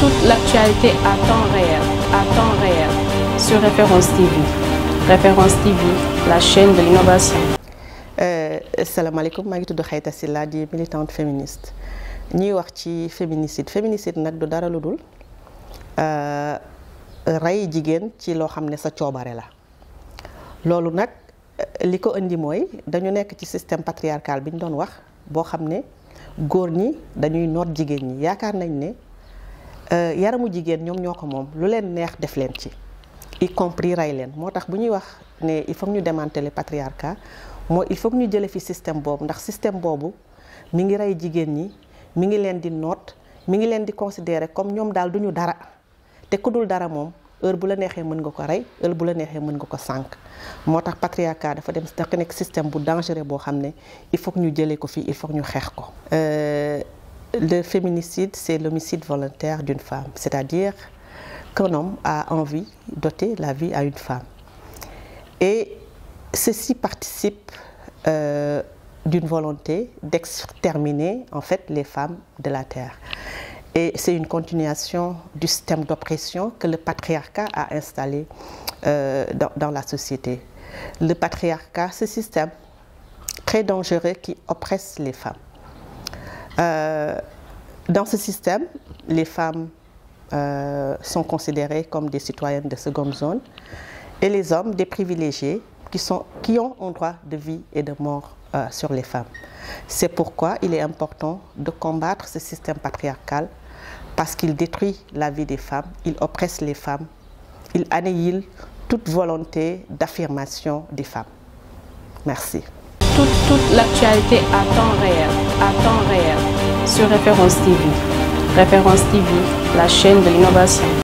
toute l'actualité à temps réel, à temps réel, sur Référence TV. Référence TV, la chaîne de l'innovation. Euh, salam alaikum, je suis Khayta Silla, militante féministe. Nous parlons de féminicide. Féminicide, c'est pas rien d'autre. rey Jigen, ci lo sa chobarela. la loolu nak euh, liko andi indi dañu nek ci système patriarcal biñ doon wax bo xamné ne ñi dañuy jigen ñi nañ Euh, yaramu jigéen ñoom ñoo ko moom lu leen neex def leen ci y compris rey leen moo tax bu ñuy wax ne il faut ñu démanteler patriarcat moo il faut ñu jële fi système boobu ndax système boobu mi ngi rey jigéen ñi mu ngi leen di noot mi ngi leen di considérer comme ñoom daal du ñu dara te ku dul dara moom heure bu la neexee mën nga ko rey heure bu la neexee mën nga ko sànq moo tax patriarcat dafa dem dafa nekk système bu dangereux boo xam ne il faut ñu jëlee ko fii il ñu xeex ko euh, Le féminicide, c'est l'homicide volontaire d'une femme, c'est-à-dire qu'un homme a envie d'ôter la vie à une femme. Et ceci participe euh, d'une volonté d'exterminer en fait les femmes de la terre. Et c'est une continuation du système d'oppression que le patriarcat a installé euh, dans, dans la société. Le patriarcat, ce système très dangereux qui oppresse les femmes. Euh, dans ce système, les femmes euh, sont considérées comme des citoyennes de seconde zone et les hommes des privilégiés qui, sont, qui ont un droit de vie et de mort euh, sur les femmes. C'est pourquoi il est important de combattre ce système patriarcal parce qu'il détruit la vie des femmes, il oppresse les femmes, il annihile toute volonté d'affirmation des femmes. Merci. Toute, l'actualité à temps réel, à temps réel sur Référence TV. Référence TV, la chaîne de l'innovation.